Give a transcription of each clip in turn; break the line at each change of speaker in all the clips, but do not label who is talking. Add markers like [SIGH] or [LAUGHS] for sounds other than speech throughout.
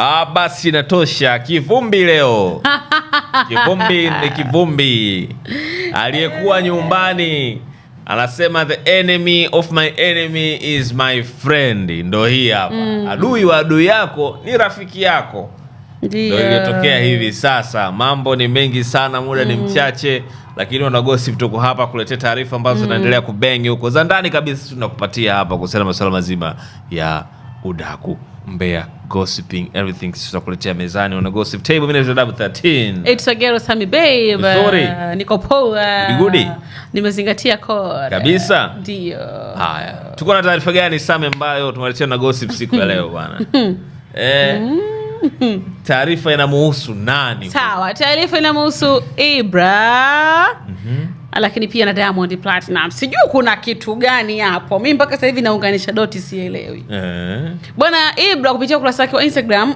Ah, basi natosha Kivumbi leo
[LAUGHS] kivumbi ni
kivumbi, aliyekuwa nyumbani anasema the enemy of my enemy is my friend. Ndo hii hapa mm. Adui wa adui yako ni rafiki yako.
Ndio iliyotokea hivi
sasa. Mambo ni mengi sana, muda mm. ni mchache, lakini wanagossip, tuko hapa kuletea taarifa ambazo mm. zinaendelea mm. kubengi huko za ndani kabisa, tunakupatia hapa kuhusiana masuala mazima ya udaku mbea gossiping everything tutakuletea mezani una gossip table. Mimi naitwa Dabu 13.
It's a girl Sami babe. Sorry. Niko poa. Bigudi. Nimezingatia core. Kabisa. Ndio.
Haya. Tuko na taarifa gani Sami ambayo tumeletea na gossip siku ya leo bwana? [LAUGHS] Hmm. Eh. Mm. [LAUGHS] taarifa inamuhusu nani?
Sawa, taarifa inamuhusu Ibra mhm. lakini pia na Diamond Platinum. Sijui kuna kitu gani hapo, mi mpaka sasa hivi naunganisha doti, sielewi eh. Bwana Ibra kupitia ukurasa wake wa Instagram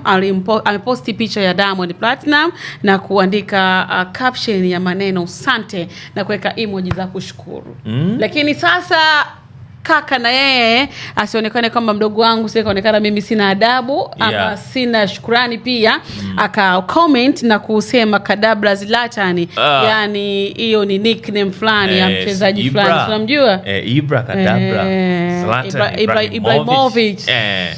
ameposti picha ya Diamond Platinum na kuandika uh, caption ya maneno sante na kuweka emoji za kushukuru mm. lakini sasa kaka na yeye asionekane kwamba mdogo wangu sasa kaonekana mimi sina adabu ama yeah. sina shukrani pia mm. aka comment na kusema kadabra zilatani uh. Ah. yani hiyo ni nickname fulani eh, ya mchezaji fulani unamjua
eh, Ibra kadabra eh, Ibra, Ibrahimovic eh.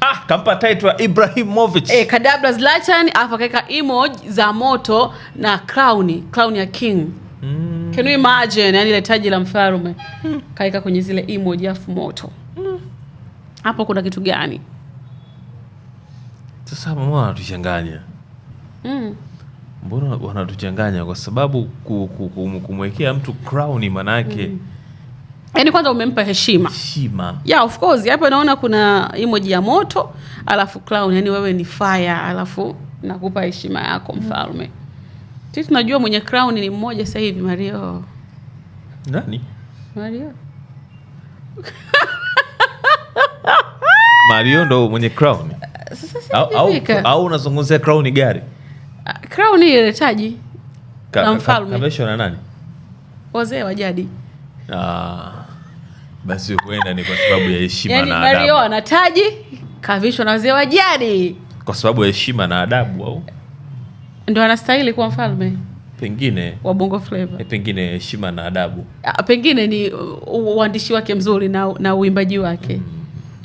Ah, kampa taitwa Ibrahimovic eh,
kadabra Zlatan afu akaweka emoji za moto na crown crown ya king Can you imagine? Yani ile taji la mfalme kaika kwenye zile emoji afu moto hapo, kuna kitu gani
sasa? Mbona wanatuchanganya? mm. Mbona wanatuchanganya? Kwa sababu kumwekea mtu crown manake mm.
Yaani kwanza umempa heshima.
Heshima.
Yeah, of course. Hapo naona kuna emoji ya moto, alafu clown, yani wewe ni fire, alafu nakupa heshima yako mfalme. Mm si tunajua mwenye crown ni mmoja sasa hivi Mario. Nani? Mario.
[LAUGHS] Mario ndo mwenye crown. Sasa au, au unazungumzia crown gari?
Ah, crown ile taji. Na mfalme.
Kameshwa na nani?
Wazee wa jadi.
Ah. Basi huenda ni kwa sababu ya heshima yani na adabu. Mario
anataji kavishwa na wazee wa jadi.
Kwa sababu ya heshima na adabu au?
ndo anastahili kuwa mfalme pengine wabongo Bongo
e, pengine heshima na adabu
a, ah, pengine ni uh, uh, uandishi wake mzuri na, na uimbaji wake mm.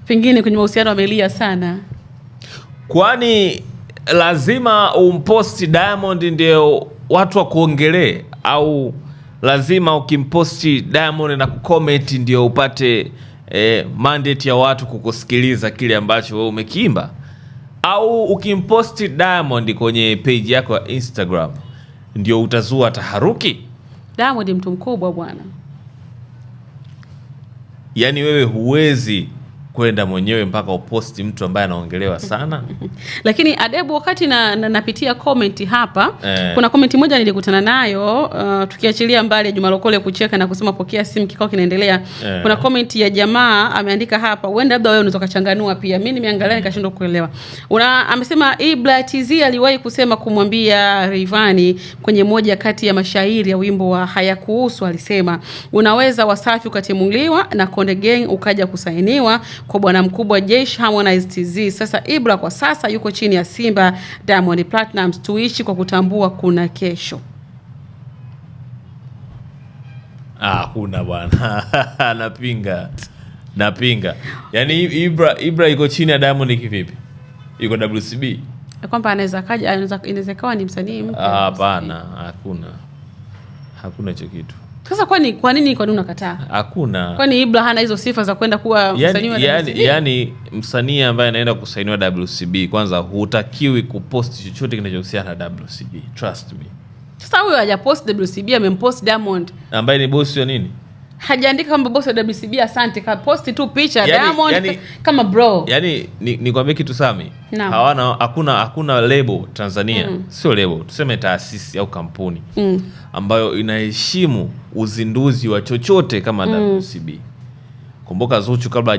pengine kwenye mahusiano amelia sana,
kwani lazima umposti Diamond ndio watu wakuongelee au lazima ukimposti Diamond na kucomment ndio upate eh, mandate ya watu kukusikiliza kile ambacho wewe umekiimba? au ukimposti Diamond kwenye page yako ya Instagram ndio utazua taharuki.
Diamond mtu mkubwa bwana,
yaani wewe huwezi kwenda mwenyewe mpaka uposti mtu ambaye anaongelewa sana
[LAUGHS] lakini Adebu, wakati na, na, napitia komenti hapa eh, kuna komenti moja nilikutana nayo uh, tukiachilia mbali Juma Lokole kucheka na kusema pokea simu, kikao kinaendelea eh. Kuna komenti ya jamaa ameandika hapa, huenda labda wewe unaweza kuchanganua pia, mimi nimeangalia nikashindwa kuelewa. Una amesema Ibra TZ aliwahi kusema kumwambia rivani kwenye moja kati ya mashairi ya wimbo wa Hayakuhusu, alisema unaweza Wasafi ukatimuliwa na Konde geng ukaja kusainiwa kwa bwana mkubwa Jesh Harmonize TZ. Sasa Ibra kwa sasa yuko chini ya Simba Diamond Platnumz, tuishi kwa kutambua kuna kesho.
Ah, kuna bwana [LAUGHS] napinga napinga. Yaani Ibra Ibra iko chini ya Diamond kivipi? Yuko WCB
kwamba anaweza kaja, inaweza kawa ni msanii mpya. Ah, hapana,
hakuna hakuna hicho kitu.
Sasa kwani kwa nini kwa nini unakataa?
Hakuna.
Kwani Ibra hana hizo sifa za kwenda kuwa msanii wa yani,
yani msanii ambaye anaenda kusainiwa WCB kwanza hutakiwi kupost chochote kinachohusiana na WCB. Trust me.
Sasa huyo hajapost WCB, amempost Diamond
ambaye ni bosi wa nini?
hajaandika kwamba bosi wa WCB asante, ka post tu picha yani, Diamond yani, kama bro.
Yani nikwambie ni kitu Sami, hawana hakuna hakuna lebo Tanzania mm. Sio lebo tuseme taasisi au kampuni mm. ambayo inaheshimu uzinduzi wa chochote kama mm. WCB. Kumbuka Zuchu kabla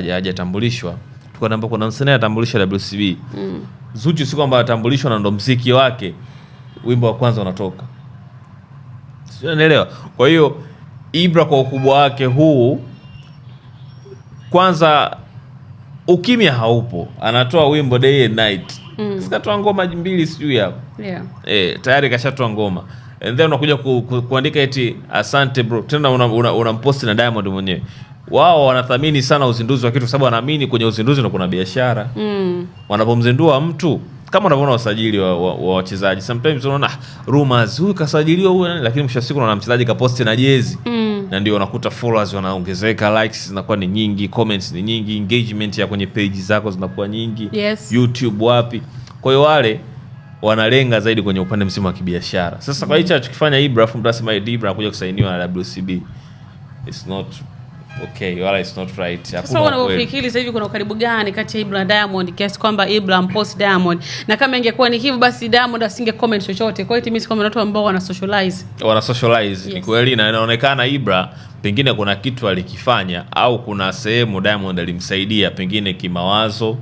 hajatambulishwa tulikuwa naomba kuna msanii atambulisha WCB mm. Zuchu si kwamba atambulishwa na ndo mziki wake wimbo wa kwanza unatoka, sio naelewa. Kwa hiyo Ibra kwa ukubwa wake huu, kwanza ukimya haupo, anatoa wimbo day and night mm. Sikatoa ngoma mbili sijui hapo yeah. E, tayari kashatoa ngoma and then unakuja ku, ku, kuandika eti asante bro, tena unamposti una, una na Diamond mwenyewe wao wanathamini sana uzinduzi wa kitu kwa sababu wanaamini kwenye uzinduzi kuna biashara mm. Wanapomzindua mtu kama unavyoona usajili wa wachezaji wa, wachezaji sometimes unaona ah, rumors huyu kasajiliwa huyu, lakini mwisho wa siku unaona mchezaji kaposti na jezi mm na ndio unakuta followers wanaongezeka, likes zinakuwa ni nyingi, comments ni nyingi, engagement ya kwenye page zako zinakuwa nyingi yes. YouTube wapi. Kwa hiyo wale wanalenga zaidi kwenye upande mzima wa kibiashara. Sasa mm. kwa hicho tukifanya mm. Ibra afu mtu asema Ibra anakuja kusainiwa na WCB. It's not Okay, wala it's not right. Sasa unavyofikiri
sasa hivi kuna ukaribu gani kati ya Ibra na Diamond kiasi kwamba Ibra mpost Diamond na kama ingekuwa ni hivyo basi Diamond asinge comment chochote. Kwa hiyo it kama watu ambao wana socialize.
Wana socialize. Yes. Ni kweli na inaonekana Ibra pengine kuna kitu alikifanya au kuna sehemu Diamond alimsaidia pengine kimawazo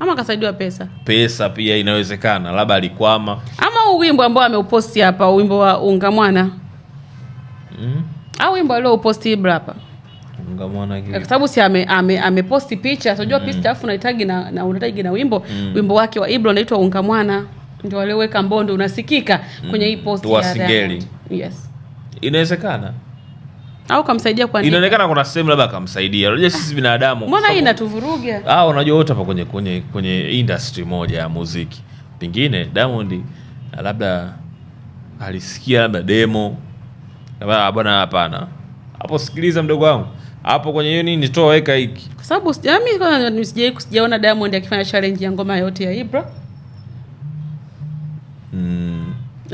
ama akasaidiwa pesa.
Pesa pia inawezekana, labda alikwama.
Ama uwimbo ambao ameuposti hapa, wimbo wa unga mwana. Mm. Au wimbo alio uposti Ibra hapa
mkamwona kwa sababu
si ame, ame, ameposti picha unajua mm. picha unahitaji na, na unahitaji na wimbo mm. wimbo wake wa Ibro unaitwa Ungamwana ndio mbondo unasikika mm. kwenye hii ya Yes.
Inawezekana
au kamsaidia kwa nini?
Inaonekana kuna sehemu labda akamsaidia. Unajua sisi binadamu mbona hii
inatuvuruga?
Ah, unajua wote hapa kwenye kwenye kwenye industry moja ya muziki. Pengine Diamond ah, labda alisikia labda demo. Ah, bwana, hapana. Hapo sikiliza mdogo wangu hapo kwenye hiyo nini, toa weka hiki,
kwa sababu yaani mimi sijawahi sijaona Diamond akifanya challenge ya ngoma yote ya Ibra mm.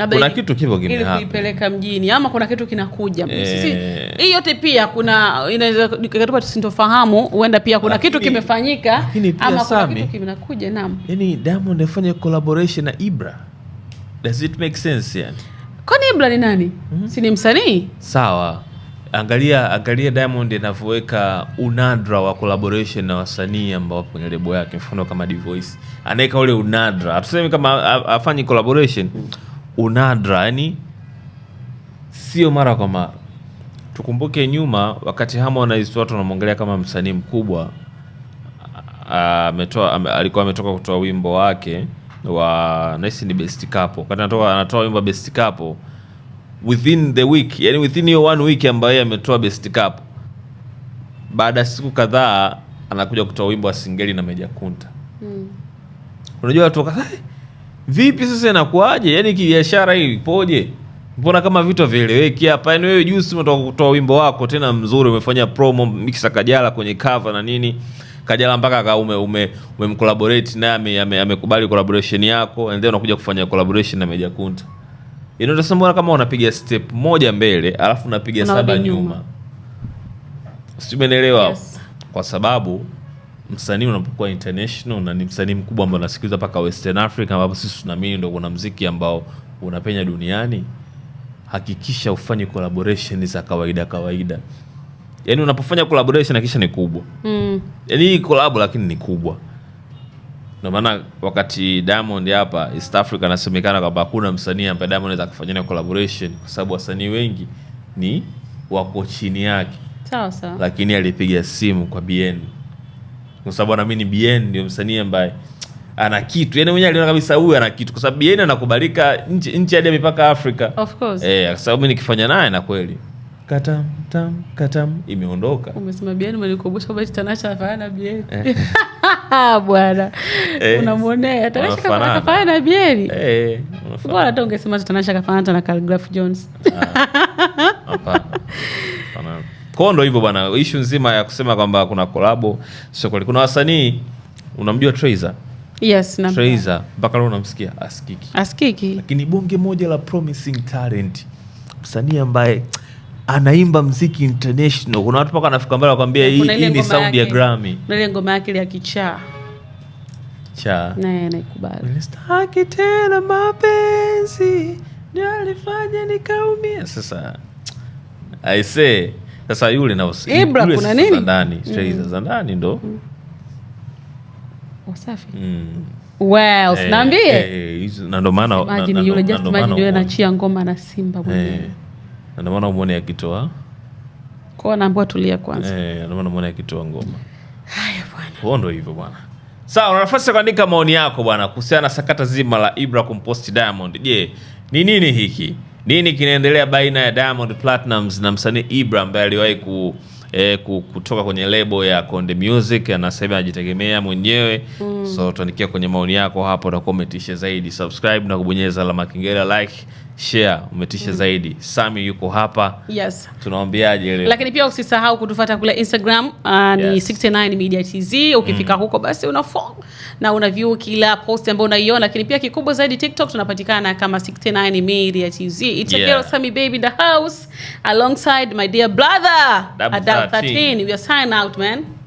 Kuna kitu kipo ili kuipeleka mjini ama kuna kitu kinakuja e. Sisi eh. hii yote pia kuna inaweza ikatupa tusintofahamu, huenda pia kuna lakini, kitu kimefanyika ama kuna kitu kinakuja. Naam,
yani Diamond afanye collaboration na Ibra, does it make sense? Yani
kwani Ibra ni nani? mm -hmm. si ni msanii
sawa Angalia, angalia Diamond anavyoweka unadra wa collaboration na wasanii ambao wapo kwenye lebo yake, mfano kama Voice anaweka ule unadra, hatusemi kama afanye collaboration, unadra yani sio mara kwa mara. Tukumbuke nyuma, wakati Harmonize watu wanamwangalia kama msanii mkubwa, ametoa alikuwa ametoka kutoa wimbo wake wa naisi ni best couple, wakati anatoa anatoa wimbo wa best couple within the week, yani within hiyo one week ambayo yeye ametoa best cup, baada ya siku kadhaa anakuja kutoa wimbo wa singeli na Meja Kunta. Mm. Unajua watu waka vipi sasa, inakuaje? Yani kibiashara hii ipoje? Mbona kama vitu havieleweki hapa? Yani wewe juzi umetoka kutoa wimbo wako tena mzuri, umefanya promo mixa Kajala kwenye cover na nini Kajala mpaka ka ume ume umemcollaborate naye amekubali collaboration yako, and then unakuja kufanya collaboration na Meja Kunta. Inaona yaani mbona kama unapiga step moja mbele alafu unapiga saba nyuma, sijui umeelewa? Yes. Kwa sababu msanii unapokuwa international na ni msanii mkubwa ambao unasikiliza mpaka Western Africa, ambapo sisi tunaamini ndio kuna mziki ambao unapenya duniani, hakikisha ufanye collaboration za kawaida kawaida. Yaani unapofanya collaboration hakikisha ni kubwa, mm. yaani mm. hii collab lakini ni kubwa ndio maana wakati Diamond hapa East Africa anasemekana kwamba hakuna msanii ambaye Diamond anaweza kufanyana collaboration kwa sababu wasanii wengi ni wako chini yake.
Sawa sawa. Lakini
alipiga simu kwa BN. Kwa sababu anaamini BN ndio msanii ambaye ana kitu. Yaani mwenyewe aliona kabisa huyu ana kitu kwa sababu BN anakubalika nchi nchi hadi mipaka Afrika.
Of course. Eh,
kwa sababu mimi nikifanya naye na kweli katam tam katam imeondoka.
Umesema biani umenikumbusha kwamba Tanasha hafanana bieni eh. [LAUGHS] bwana, eh. unamwonea Tanasha kafanana na bieni
eh, bora. Hata
ungesema Tanasha kafanana na Khaligraph Jones.
Ah, kwa ndo hivyo bwana, ishu nzima ya kusema kwamba kuna kolabo sio kweli. Kuna wasanii unamjua Trayzor Yes, na Trayzor mpaka leo unamsikia askiki askiki, lakini bonge moja la promising talent, msanii ambaye anaimba mziki international. Kuna watu mpaka anafika mbali wakwambia hii hii ni sound ya Grammy.
Na ile ngoma yake ya kichaa cha naye
anaikubali.
Nistaki tena mapenzi ndio alifanya nikaumia.
Sasa I say sasa yule na usi Ibra kuna nini ndani, mm. stori za ndani ndo mm. Wasafi. Mm.
Well, hey, eh, naambie. Hey, eh, maana na ndo maana yule just imagine yule anachia ngoma na Simba mwenyewe. Eh. Hey
na ndio maana umwone akitoa
kwa naambua tulia kwanza.
Eh, ndio maana umwone akitoa ngoma. Haya bwana. Huo ndio hivyo bwana. Sawa, una nafasi ya kuandika maoni yako bwana kuhusiana na sakata zima la Ibra kumposti Diamond. Je, ni nini hiki? Nini kinaendelea baina ya Diamond Platnumz na msanii Ibra ambaye aliwahi ku E, kutoka kwenye lebo ya Konde Music na sasa anajitegemea mwenyewe mm. So tuandikia kwenye maoni yako hapo, utakuwa umetisha zaidi. Subscribe na kubonyeza alama kengele like share umetisha mm zaidi. Sami yuko hapa yes. Tunaombeaje leo? Lakini
pia usisahau kutufuata kule Instagram uh, yes. ni 69 Media TZ ukifika mm. huko basi una follow na una view kila post ambayo unaiona, lakini pia kikubwa zaidi TikTok tunapatikana kama 69 Media TZ. It's yeah. a girl Sami baby in the house alongside my dear brother Adam 13. We are sign out man.